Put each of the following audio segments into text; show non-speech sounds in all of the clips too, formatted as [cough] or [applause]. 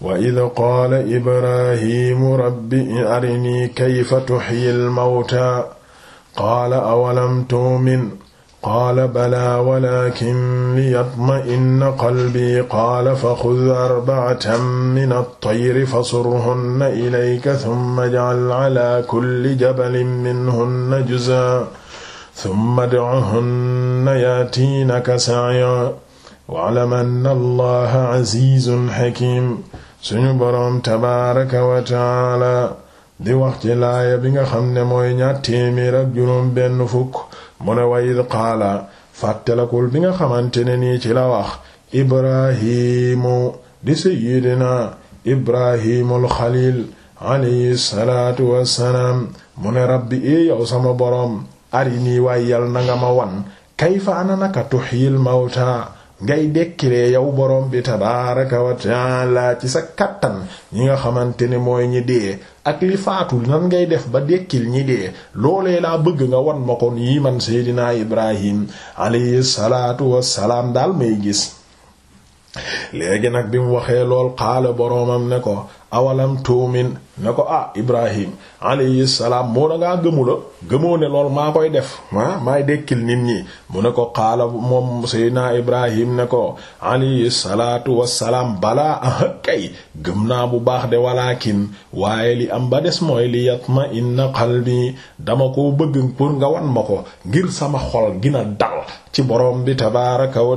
wa id qaala ibrahimu rabbi arinii kayfa tuxyi lmawtaa qaala awalam tu'min qaala balaa walaakin liyatma'inna qalbii qaala faxud arba'atan min at-tayri fasurhunna ilayka thumma ij'al 'alaa kulli jabalin minhunna juz'an thumma ud'uhunna ya'tiinaka sa'yan wa'lam anna Allaha 'aziizun hakiim suñu boroom tabaaraka wa taala di wax laaya bi nga xam ne mooy ñaar téeméer ak juróom benn fukk mu ne wa id qaala fàttalakul bi nga xamante ne nii ci la wax ibrahimu di sayyidina ibrahimul xalil alayhi salaatu wassalaam mu ne rabbi ee yow sama boroom arinii waay yal nga ma wan kayfa ana naka tuhyil mawta ngay dekkilee yow borom bi tabaaraka wa ta'ala ci sa kattan ñi nga xamante ne mooy ñi dee ak li faatu nan ngay def ba dekkil ñi dee loolee laa bëgg nga wan ma yii man seydinaa Ibrahim alayhi salaatu salaam daal may gis léegi nag bi mu waxee lool xaala boromam ne ko awalam tuumin ne ko ah Ibrahim alayhi salaam moo da ngaa gëmu gëmoo ne lool maa koy def ah maay dekkil nit ñi mu ne ko xaala moom Seydina Ibrahim ne ko alayhi salaatu wassalaam balaa ah kay gëm naa bu baax de walaakin waaye li am ba des mooy li yat ma inna qalbi dama koo bëgg pour nga wan ma ko ngir sama xol gina dal ci borom bi tabaaraka wa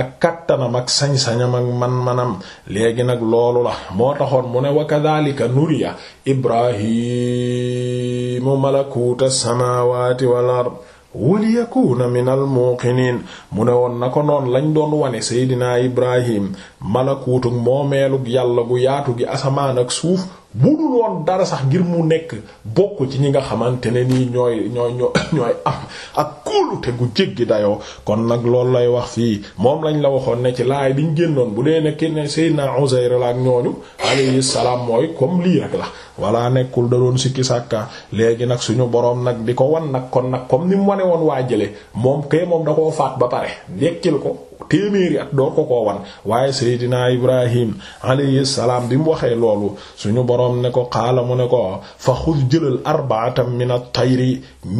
ak kattanam ak sañ-sañam ak man-manam léegi nag loolu la moo taxoon mu ne wa kadhalika nuriya ibrahimu malakuta samawati wal ard waliyakuna min al muqinin mu ne woon ko noon lañ doon wane seydinaa ibrahim malakuutuk moomeeluk yàlla gu yaatu gi asamaan ak suuf bu dul woon dara sax ngir mu nekk bokk ci ñi nga xamante ne nii ñooy ñooy ñooy [coughs] am ak kóolute gu jéggi dayoo kon nag loolu lay wax fii moom lañ la waxoon ne ci laay ñu génnoon bu dee nekk ne Seydina Uzayr la ak ñooñu alayhi salaam mooy comme lii rek la. walla nekkul da doon sikki sàkka léegi nag suñu boroom nag di ko wan nag kon nag comme ni mu wane woon waa jële moom kay moom da koo faat ba pare dekkil ko. téeméeri at door ko koo wan waaye Seydina Ibrahim alayhi salaam bi mu waxee loolu suñu boroom ne ko xaala mu ne ko fa xud jëlal arbaatam min at-tayri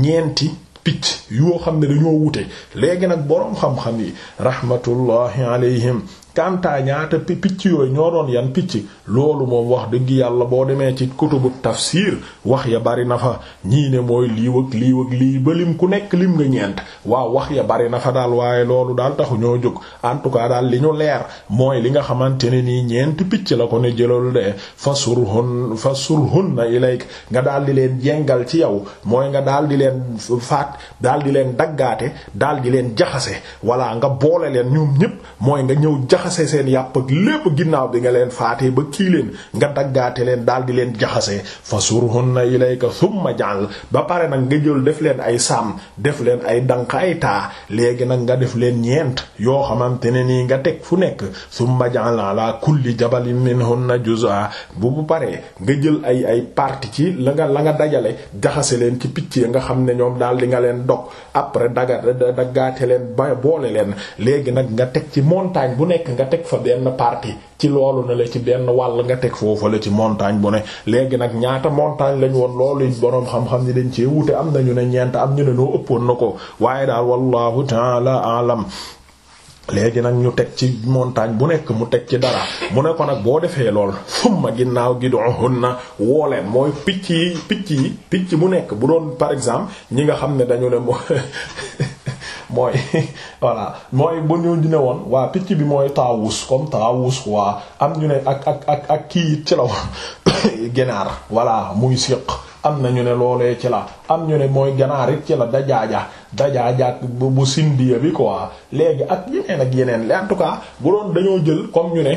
ñeenti picc yoo xam ne dañoo wute léegi nag boroom xam-xam yi rahmatullahi alayhim kanta ñaata picc yooyu ñoo doon yan picc loolu moom wax dëgg yàlla boo demee ci kutubu tafsir wax ya bari na fa ñii ne mooy liiw ak liiw lii ba lim ku nekk lim nga ñeent waaw wax ya bari na fa daal waaye loolu daal taxu ñoo jóg en tout cas daal li ñu leer mooy li nga xamante ne nii ñeent picc la ko ne jëlal de fa fa fasurhun fasurhunna ilayk nga daal di leen jengal ci yow mooy nga daal di leen faat daal di leen daggaate daal di leen jaxase walla nga boole leen ñoom jaxase seen yàpp ak lépp ginnaaw bi nga leen faatee ba kii leen nga daggaate leen daal leen jaxase fasurhunna ilayka thumma ja'al ba pare nag nga jël def leen ay saam def leen ay danq ay léegi nag nga def leen ñeent yoo xamante ne nii nga teg fu nekk thumma ja'al ala kulli jabalin minhunna a bu bu paree nga jël ay ay partie ci la nga la nga dajale jaxase leen ci picc ya nga xam ne ñoom daal di nga leen dog après daga daggaate leen ba boole leen léegi nag nga teg ci montagne bu nekk nga teg fa benn partie ci loolu na la ci benn wàll nga teg foofu la ci montagne bu ne léegi nag ñaata montagne lañ woon loolu it boroom xam-xam ni dañ cee wuute am na ñu ne ñeent am ñu ne noo ëppoon na ko waaye daal wallahu ta'ala a'lam léegi nag ñu teg ci montagne bu nekk mu teg ci dara mu ne ko nag boo defee lool ma ginnaaw gi doxoon na woo leen mooy picc yi picc yi picc mu nekk bu doon par exemple ñi nga xam ne dañu ne mo [laughs] mooy [laughs] voilà mooy bu ñu dina woon waa picc bi mooy taawus comme taawus waa am ñu ne ak ak ak ak kii ci la woon [coughs] ginaar voilà muy siq am na ñu ne loolee ci la am ñu ne mooy ganaar it ci la dajaaja dajaaja bu bu sindiya bi quoi léegi ak yeneen ak yeneen en tout cas bu doon dañoo jël comme ñu ne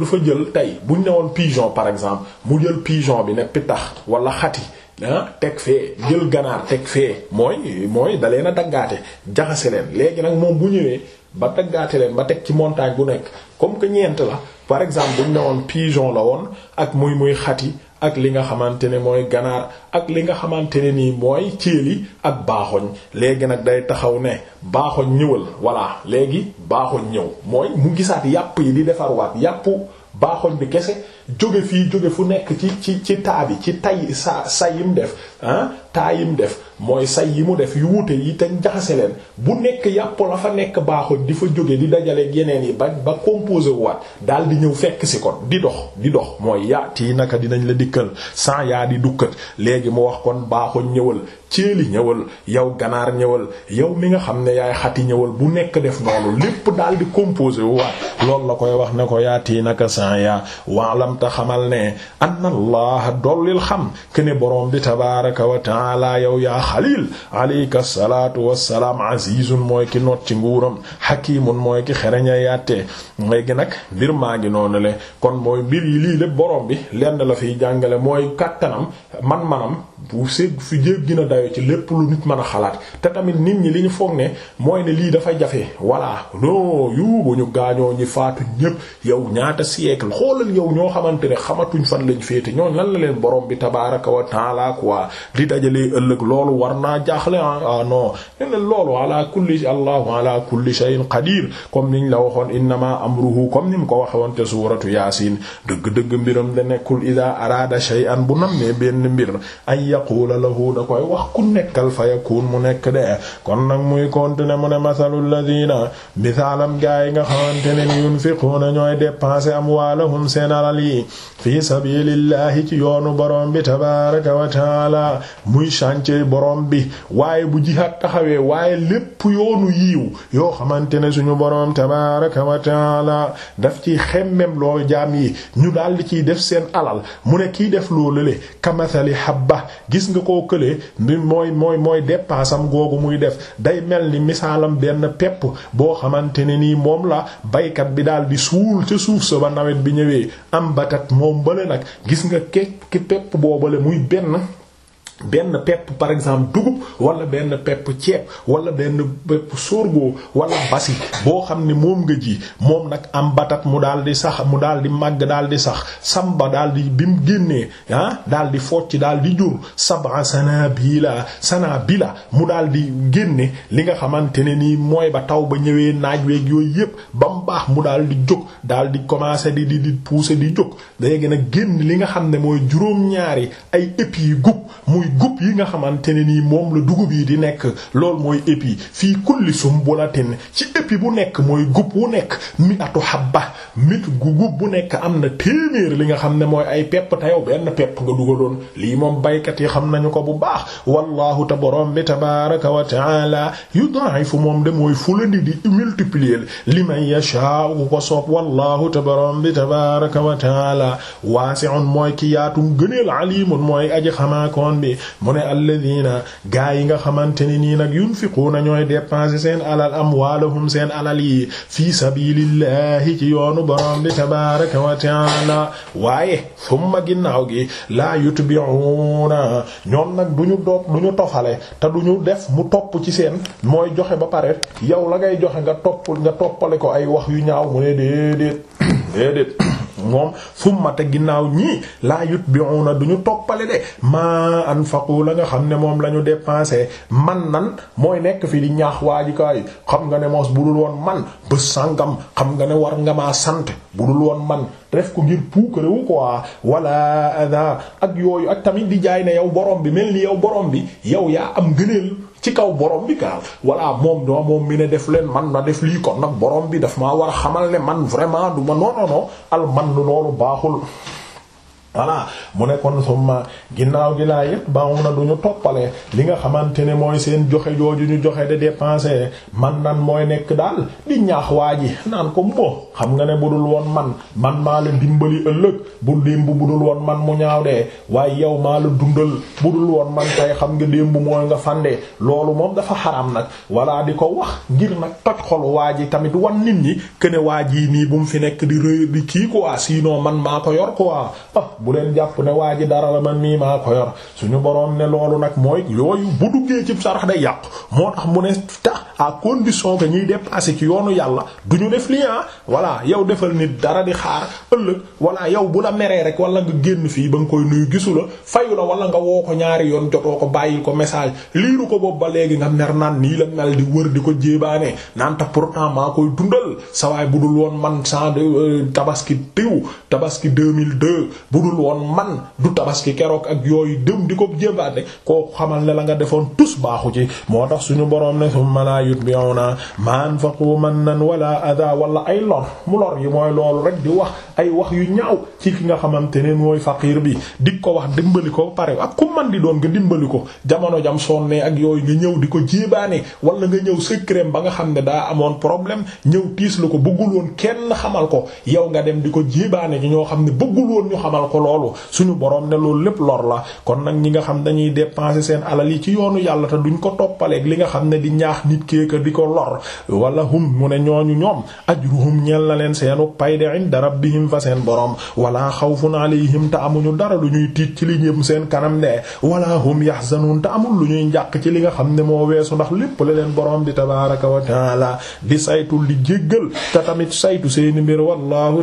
du fa jël tey bu ñu ne woon pigeon par exemple mu jël pigeon bi ne pittax wala xati. Ah? teg fee jël ganaar teg fee mooy mooy da leen a daggaate jaxase leen léegi nag moom bu ñëwee ba daggaate leen ba teg ci montagne bu nekk comme que ñeent la par exemple buñ ne woon pigeon la woon ak muy muy xati ak li nga xamante ne mooy ganaar ak li nga xamante ne nii mooy céeli ak baaxoñ léegi nag day taxaw ne baaxoñ ñëwal voilà léegi baaxoñ ñëw mooy mu gisaat yàpp yi di defarwaat yàpp baaxoñ bi kese jóge fii jóge fu nekk ci ci ci taa bi ci tay saa sa yim def ah taa yim def mooy say yi mu def yu wute yi te jaxase leen bu nekk yàpp la fa nekk baaxoñ di fa jóge di dajale geneen yi ba ba composé waat daal di ñëw fekk si kon di dox di dox mooy yaat yi naka dinañ la dikkal sans yaa di dukkat léegi mu wax kon baaxoñ ñëwal céeli ñëwal yow ganaar ñëwal yow mi nga xam ne yaay xati ñëwal bu nekk def noonu lépp daal di composé wu waat loolu la koy wax ne ko yaatii naka san ya waalam ta xamal ne anna allah dollil xam ke ne boroom bi tabaraka wa taala yow yaa xalil alayka salaatu wassalaam azizun mooy ki noot ci nguuram hakimun mooy ki xereña yatte léegi nag mbir maa ngi noonu le kon mooy mbir yi lii lépp boroom bi lenn la fiy jàngale mooy kattanam man-manam bu ségg fi jéeg gën a dayoo ci lépp lu nit mën a xalaat te tamit nit ñi li ñu foog ne mooy ne lii dafa jafe voilà non yu ñu gaañoo ñi faatu ñépp yow ñaata siècle xoolal yow ñoo xamante ne xamatuñ fan lañ féete ñoo lan la leen borom bi tabaaraka wa taala quoi di dajalee ëllëg loolu war naa jaaxle ah, ah non ñu ne loolu ala kulli allahu ala kulli shay'in qadir comme niñ la waxoon innama amruhu comme ni mu ko waxee woon te suuratu yaasin dëgg dëgg mbiram da nekkul ida arada shay'an bu nam benn mbir yaquula lahu da koy wax ku nekkal fa yakun mu nekk de kon nag muy continuer mu ne masalul ladina misaalam gaa yi nga xamante ne ni yunfiquuna ñooy dépenser amwaalahum seen alal yi fii sabilillahi ci yoonu borom bi tabaraka wa taala muy chantier borom bi waaye bu jihaad taxawee waaye lépp yoonu yiiw yoo xamante ne suñu borom tabaraka wa taala daf ci xemmem loolu jaam yi ñu daal di ciy def seen alal mu ne kiy def loolu le kamathali habba gis nga koo këlee bi mooy mooy mooy dépassam googu muy def day mel ni misaalam benn pepp boo xamante ne nii moom la baykat bi daal di suul ca suuf sa ba nawet bi ñëwee am batat moom bale nag gis nga kekki pepp boobale muy benn benn pepp par exemple dugub wala benn pepp ceeb wala benn pepp sorgho wala basi boo xam ne moom nga ji moom nag am batat mu daal di sax mu daal di màgg daal di sax samba daal di bi mu génnee ah daal di focc daal di jur sab'a sanabila sanabila mu daal di génne li nga xamante ne nii mooy ba taw ba ñëwee naaj weeg yooyu yépp ba mu baax mu daal di jóg daal di commencer di di di pousser di jóg léegi nag génn li nga xam ne mooy juróom-ñaari ay épis yu gub muy gub yi nga xamante ne nii moom la dugub yi di nekk lool mooy épi fii kulli sumbulatin ci épi bu nekk mooy gub wu nekk mi atu habba mit gu gub bu nekk am na téeméer li nga xam ne mooy ay pepp te yow benn pepp nga dugaloon lii moom baykat yi xam nañu ko bu baax wallahu te borom bi tabaraka wa taala yudaa'ifu moom de mooy fulandi di multiplier liman yashaa ku ko soob wallahu te borom bi tabaraka wa mooy ki yaatum gëneel bi mu ne alladina gaa yi nga xamante ni nii nag yunfiquuna ñooy dépenser seen alal amwaalahum seen alal yi fii sabilillahi ci yoonu borom bi tabaraka wa taala waaye summa ginnaaw gi laa yutbi'una ñoom nag duñu doog duñu tofale te duñu def mu topp ci seen mooy joxe ba pare yow la ngay joxe nga topp nga toppale ko ay wax yu ñaaw mu ne déedéet déedéet moom summa te ginnaaw ñii laa na du ñu toppale de maa anfaqu la nga xam ne moom lañu ñu man nan mooy nekk fi di ñaax waajikaay xam nga ne mos bu dul woon man bés sàngam xam nga ne war nga maa sant bu dul woon man def ko ngir puukare wu quoi wala ada ak yooyu ak tamit di jaay ne yow borom bi mel ni yow borom bi yow yaa am gëneel ci kaw borom bi ka voilà moom doo moom mi ne def leen man na def lii ko nag boroom bi dafa ma war a xamal ne man vraiment du ma non non non al man loolu baaxul. voilà mu ne kon summa ginnaaw gi laa yëpp baaxu na du toppale li nga xamante ne mooy seen joxe jooju ñu joxe de dépenser man nan mooy nekk daal di ñaax waa ji naan ko mo xam nga ne bu dul woon man man maa la dimbali ëllëg bu démb bu woon man mu ñaaw de waaye yow maa la dundal bu dul woon man tey xam nga démb mooy nga fande loolu moom dafa xaram nag voilà di ko wax ngir nag toj xol waa ji tamit wan nit ñi que ne waa ji nii bu mu fi nekk di rëy di kii quoi sinon man maa ko yor quoi ah, bu leen jàpp ne waa ji dara la man nii maa ko yor suñu boroom ne loolu nag mooy yooyu bu duggee ci sarax day yàqu moo tax mu ne ta à condition que ñuy dépasser ci yoonu yàlla du ñu def lii ah yow defal nit dara di xaar ëllëg voilà yow bu la meree rek wala nga génn fii ba nga koy nuyu gisu la fayu la wala nga woo ko ñaari yoon jotoo ko bàyyi ko message liiru ko boobu ba léegi nga mer naan nii la mel di wër di ko jéebaane naan tax pourtant maa koy dundal sawaay bu woon man cent euh, tabaski tiw tabaski budul woon man du tabaski keroog ak yooyu dem di ko jébaat rek koo xamal ne la nga defoon tus baaxu ci moo tax suñu boroom ne summa laa yutbi'una ma anfaqu mannan wala ada wala ay lor mu lor yi mooy loolu rek di wax ay wax yu ñaaw ci ki nga xamante ne mooy faqiir bi di ko wax dimbali ko pare ak ku man di doon nga dimbali ko jamono jam sonne ak yooyu nga ñëw di ko jébaane wala nga ñëw secret ba nga xam ne daa amoon problème ñëw tiis la ko bëggul kenn xamal ko loolu suñu borom ne loolu lépp lor la kon nag ñi nga xam dañuy dépenser seen alal yi ci yoonu yàlla te duñ ko toppaleeg li nga xam ne di ñaax nit kéeka di ko lor wala hum mu ne ñooñu ñoom ajruhum ñeel na leen seenu payde inda rabbihim fa seen borom wala xawfun alayhim te amuñu dara lu ñuy tiit ci li ñëm seen kanam de wala hum yahzanun te amul lu ñuy njàq ci li nga xam ne moo weesu ndax lépp la leen borom di tabaraka wa taala di saytu li jéggal te tamit saytu seeni mbir wallahu